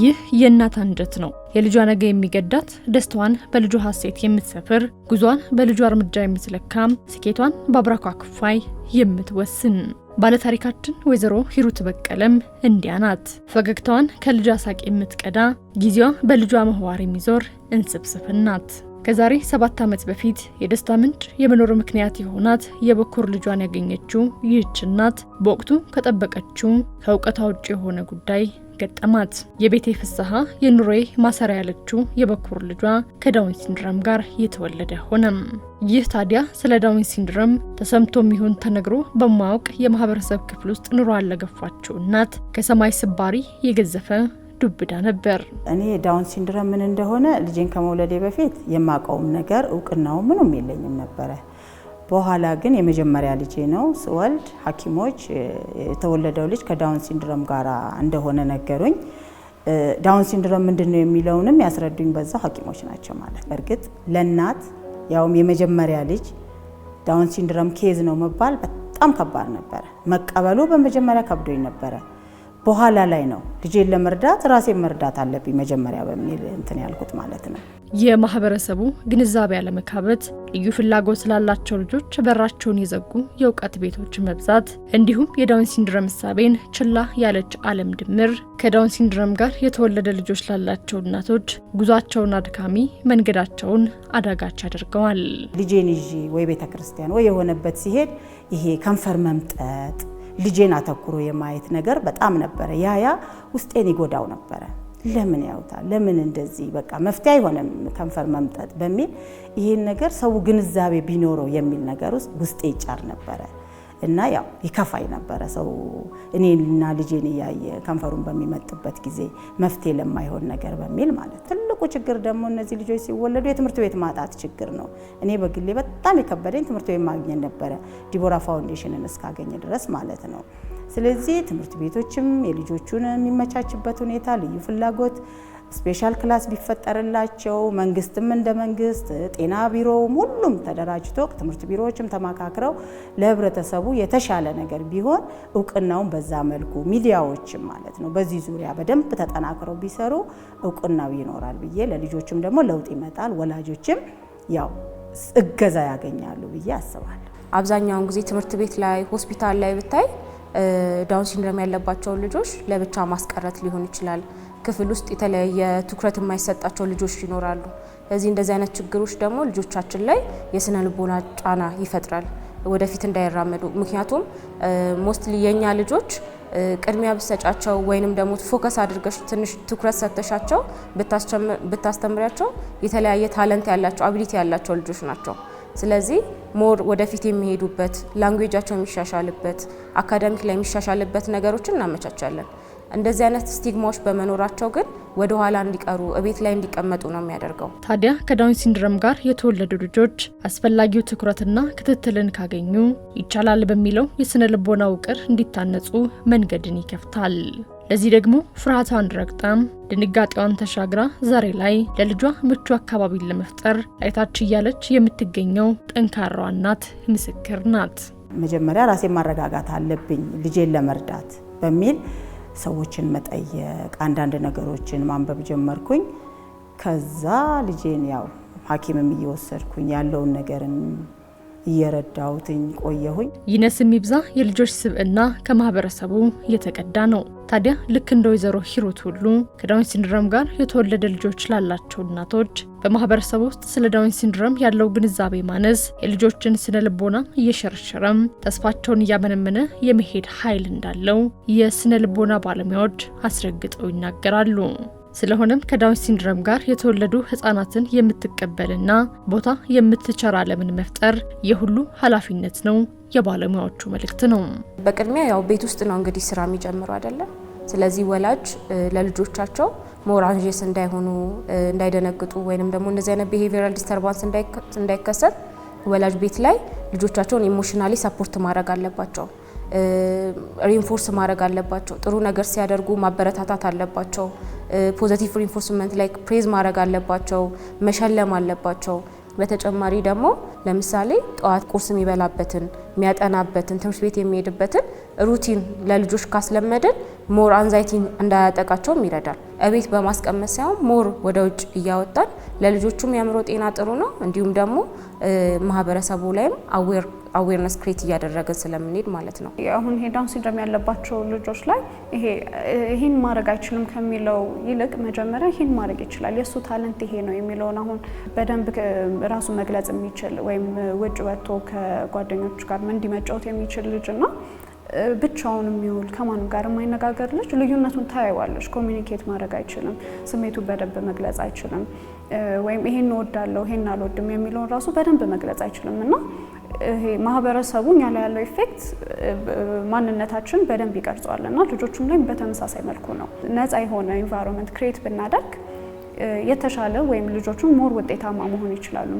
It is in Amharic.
ይህ የእናት አንጀት ነው። የልጇ ነገ የሚገዳት፣ ደስታዋን በልጇ ሀሴት የምትሰፍር፣ ጉዟን በልጇ እርምጃ የምትለካ፣ ስኬቷን በአብራኳ ክፋይ የምትወስን ባለታሪካችን ወይዘሮ ሂሩት በቀለም እንዲያ ናት። ፈገግታዋን ከልጇ ሳቅ የምትቀዳ፣ ጊዜዋ በልጇ መዋር የሚዞር እንስብስፍ ናት። ከዛሬ ሰባት ዓመት በፊት የደስታ ምንጭ የመኖር ምክንያት የሆናት የበኩር ልጇን ያገኘችው ይህች እናት በወቅቱ ከጠበቀችው ከእውቀቷ ውጭ የሆነ ጉዳይ ገጠማት። የቤቴ ፍስሐ የኑሮዬ ማሰሪያ ያለችው የበኩር ልጇ ከዳውን ሲንድረም ጋር የተወለደ ሆነም። ይህ ታዲያ ስለ ዳውን ሲንድረም ተሰምቶ የሚሆን ተነግሮ በማያውቅ የማህበረሰብ ክፍል ውስጥ ኑሮ ያለገፋችው እናት ከሰማይ ስባሪ የገዘፈ ዱብዳ ነበር። እኔ ዳውን ሲንድረም ምን እንደሆነ ልጄን ከመውለዴ በፊት የማውቀውም ነገር እውቅናው ምንም የለኝም ነበረ። በኋላ ግን የመጀመሪያ ልጄ ነው ስወልድ ሐኪሞች የተወለደው ልጅ ከዳውን ሲንድረም ጋር እንደሆነ ነገሩኝ። ዳውን ሲንድረም ምንድን ነው የሚለውንም ያስረዱኝ በዛው ሐኪሞች ናቸው ማለት። በእርግጥ ለእናት ያውም የመጀመሪያ ልጅ ዳውን ሲንድረም ኬዝ ነው መባል በጣም ከባድ ነበረ። መቀበሉ በመጀመሪያ ከብዶኝ ነበረ። በኋላ ላይ ነው ልጄን ለመርዳት ራሴን መርዳት አለብኝ መጀመሪያ በሚል እንትን ያልኩት ማለት ነው። የማህበረሰቡ ግንዛቤ አለመካበት፣ ልዩ ፍላጎት ስላላቸው ልጆች በራቸውን የዘጉ የእውቀት ቤቶች መብዛት፣ እንዲሁም የዳውን ሲንድረም እሳቤን ችላ ያለች ዓለም ድምር ከዳውን ሲንድረም ጋር የተወለደ ልጆች ላላቸው እናቶች ጉዟቸውን አድካሚ፣ መንገዳቸውን አዳጋች ያደርገዋል። ልጄን ይዤ ወይ ቤተክርስቲያን ወይ የሆነበት ሲሄድ ይሄ ከንፈር መምጠጥ ልጄን አተኩሮ የማየት ነገር በጣም ነበረ። ያ ያ ውስጤን ይጎዳው ነበረ። ለምን ያውታል? ለምን እንደዚህ በቃ መፍትሄ አይሆንም ከንፈር መምጠጥ በሚል ይህን ነገር ሰው ግንዛቤ ቢኖረው የሚል ነገር ውስጥ ውስጤ ይጫር ነበረ። እና ያው ይከፋኝ ነበረ ሰው እኔና ልጄን እያየ ከንፈሩን በሚመጥበት ጊዜ መፍትሄ ለማይሆን ነገር በሚል ማለት። ትልቁ ችግር ደግሞ እነዚህ ልጆች ሲወለዱ የትምህርት ቤት ማጣት ችግር ነው። እኔ በግሌ በጣም የከበደኝ ትምህርት ቤት ማግኘት ነበረ፣ ዲቦራ ፋውንዴሽንን እስካገኘ ድረስ ማለት ነው። ስለዚህ ትምህርት ቤቶችም የልጆቹን የሚመቻችበት ሁኔታ ልዩ ፍላጎት ስፔሻል ክላስ ቢፈጠርላቸው መንግስትም እንደ መንግስት ጤና ቢሮውም ሁሉም ተደራጅቶ ትምህርት ቢሮዎችም ተማካክረው ለህብረተሰቡ የተሻለ ነገር ቢሆን እውቅናውን በዛ መልኩ ሚዲያዎችም ማለት ነው በዚህ ዙሪያ በደንብ ተጠናክረው ቢሰሩ እውቅናው ይኖራል ብዬ ለልጆችም ደግሞ ለውጥ ይመጣል፣ ወላጆችም ያው እገዛ ያገኛሉ ብዬ አስባለሁ። አብዛኛውን ጊዜ ትምህርት ቤት ላይ ሆስፒታል ላይ ብታይ ዳውን ሲንድሮም ያለባቸውን ልጆች ለብቻ ማስቀረት ሊሆን ይችላል። ክፍል ውስጥ የተለያየ ትኩረት የማይሰጣቸው ልጆች ይኖራሉ። ስለዚህ እንደዚህ አይነት ችግሮች ደግሞ ልጆቻችን ላይ የስነ ልቦና ጫና ይፈጥራል ወደፊት እንዳይራመዱ። ምክንያቱም ሞስትሊ የእኛ ልጆች ቅድሚያ ብሰጫቸው ወይንም ደግሞ ፎከስ አድርገሽ ትንሽ ትኩረት ሰተሻቸው ብታስተምሪያቸው የተለያየ ታለንት ያላቸው አቢሊቲ ያላቸው ልጆች ናቸው። ስለዚህ ሞር ወደፊት የሚሄዱበት ላንጉጃቸው የሚሻሻልበት አካዳሚክ ላይ የሚሻሻልበት ነገሮችን እናመቻቻለን። እንደዚህ አይነት ስቲግማዎች በመኖራቸው ግን ወደ ኋላ እንዲቀሩ እቤት ላይ እንዲቀመጡ ነው የሚያደርገው። ታዲያ ከዳውን ሲንድረም ጋር የተወለዱ ልጆች አስፈላጊው ትኩረትና ክትትልን ካገኙ ይቻላል በሚለው የስነ ልቦና ውቅር እንዲታነጹ መንገድን ይከፍታል። ለዚህ ደግሞ ፍርሃቷን ረግጣም ድንጋጤዋን ተሻግራ ዛሬ ላይ ለልጇ ምቹ አካባቢን ለመፍጠር ላይታች እያለች የምትገኘው ጠንካራዋ እናት ምስክር ናት። መጀመሪያ ራሴን ማረጋጋት አለብኝ ልጄን ለመርዳት በሚል ሰዎችን መጠየቅ፣ አንዳንድ ነገሮችን ማንበብ ጀመርኩኝ። ከዛ ልጄን ያው ሐኪምም እየወሰድኩኝ ያለውን ነገርም እየረዳሁትኝ ቆየሁኝ። ይነስ የሚብዛ የልጆች ስብዕና ከማህበረሰቡ እየተቀዳ ነው። ታዲያ ልክ እንደ ወይዘሮ ሂሩት ሁሉ ከዳውን ሲንድረም ጋር የተወለደ ልጆች ላላቸው እናቶች በማህበረሰቡ ውስጥ ስለ ዳውን ሲንድረም ያለው ግንዛቤ ማነስ የልጆችን ስነ ልቦና እየሸረሸረም ተስፋቸውን እያመነመነ የመሄድ ኃይል እንዳለው የስነ ልቦና ባለሙያዎች አስረግጠው ይናገራሉ። ስለሆነም ከዳውን ሲንድረም ጋር የተወለዱ ህጻናትን የምትቀበልና ቦታ የምትቸር ዓለምን መፍጠር የሁሉ ኃላፊነት ነው የባለሙያዎቹ መልእክት ነው። በቅድሚያ ያው ቤት ውስጥ ነው እንግዲህ ስራ የሚጀምሩ አይደለም። ስለዚህ ወላጅ ለልጆቻቸው ሞራንዥስ እንዳይሆኑ እንዳይደነግጡ፣ ወይንም ደግሞ እንደዚህ አይነት ቢሄቪራል ዲስተርባንስ እንዳይከሰት ወላጅ ቤት ላይ ልጆቻቸውን ኢሞሽናሊ ሰፖርት ማድረግ አለባቸው። ሪንፎርስ ማድረግ አለባቸው። ጥሩ ነገር ሲያደርጉ ማበረታታት አለባቸው። ፖዘቲቭ ሪንፎርስመንት ላይ ፕሬዝ ማድረግ አለባቸው፣ መሸለም አለባቸው። በተጨማሪ ደግሞ ለምሳሌ ጠዋት ቁርስ የሚበላበትን የሚያጠናበትን ትምህርት ቤት የሚሄድበትን ሩቲን ለልጆች ካስለመድን ሞር አንዛይቲ እንዳያጠቃቸውም ይረዳል። እቤት በማስቀመጥ ሳይሆን ሞር ወደ ውጭ እያወጣን ለልጆቹም የአእምሮ ጤና ጥሩ ነው፣ እንዲሁም ደግሞ ማህበረሰቡ ላይም አዌር አዌርነስ ክሬት እያደረግን ስለምንሄድ ማለት ነው። አሁን ይሄ ዳውን ሲንድሮም ያለባቸው ልጆች ላይ ይሄ ይህን ማድረግ አይችልም ከሚለው ይልቅ መጀመሪያ ይህን ማድረግ ይችላል፣ የእሱ ታለንት ይሄ ነው የሚለውን አሁን በደንብ ራሱ መግለጽ የሚችል ወይም ውጭ ወጥቶ ከጓደኞች ጋር እንዲህ መጫወት የሚችል ልጅ ና ብቻውን የሚውል ከማንም ጋር የማይነጋገር ልጅ ልዩነቱን ታየዋለች። ኮሚኒኬት ማድረግ አይችልም፣ ስሜቱ በደንብ መግለጽ አይችልም፣ ወይም ይሄን እወዳለሁ ይሄን አልወድም የሚለውን ራሱ በደንብ መግለጽ አይችልም እና ይሄ ማህበረሰቡ እኛ ላይ ያለው ኢፌክት ማንነታችን በደንብ ይቀርጸዋል እና ልጆቹም ላይ በተመሳሳይ መልኩ ነው። ነፃ የሆነ ኢንቫይሮንመንት ክሬት ብናደርግ የተሻለ ወይም ልጆቹን ሞር ውጤታማ መሆን ይችላሉ።